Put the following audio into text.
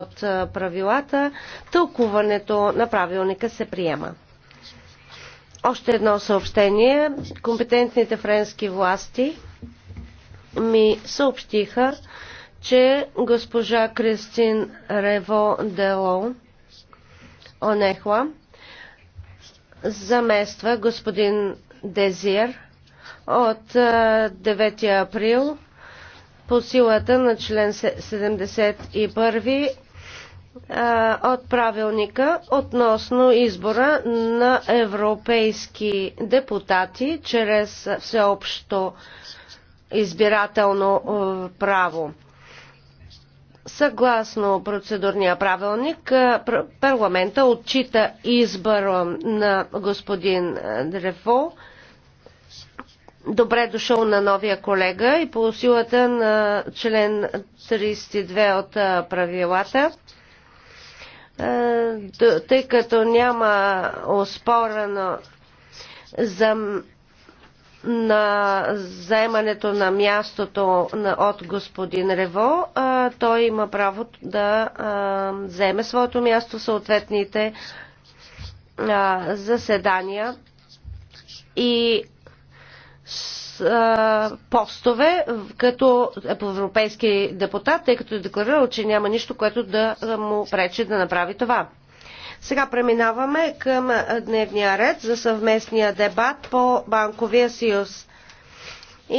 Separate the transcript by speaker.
Speaker 1: от правилата, тълкуването на правилника се приема. Още едно съобщение. Компетентните френски власти ми съобщиха, че госпожа Кристин Рево Дело Онехла замества господин Дезир от 9 април по силата на член 71 от правилника относно избора на европейски депутати чрез всеобщо избирателно право. Съгласно процедурния правилник, парламента отчита избора на господин Дрефо. Добре дошъл на новия колега и по силата на член 32 от правилата е, тъй като няма оспорено за на заемането на мястото от господин Рево, той има право да вземе своето място в съответните заседания и постове като европейски депутат, тъй като е декларирал, че няма нищо, което да му пречи да направи това. Сега преминаваме към дневния ред за съвместния дебат по банковия съюз.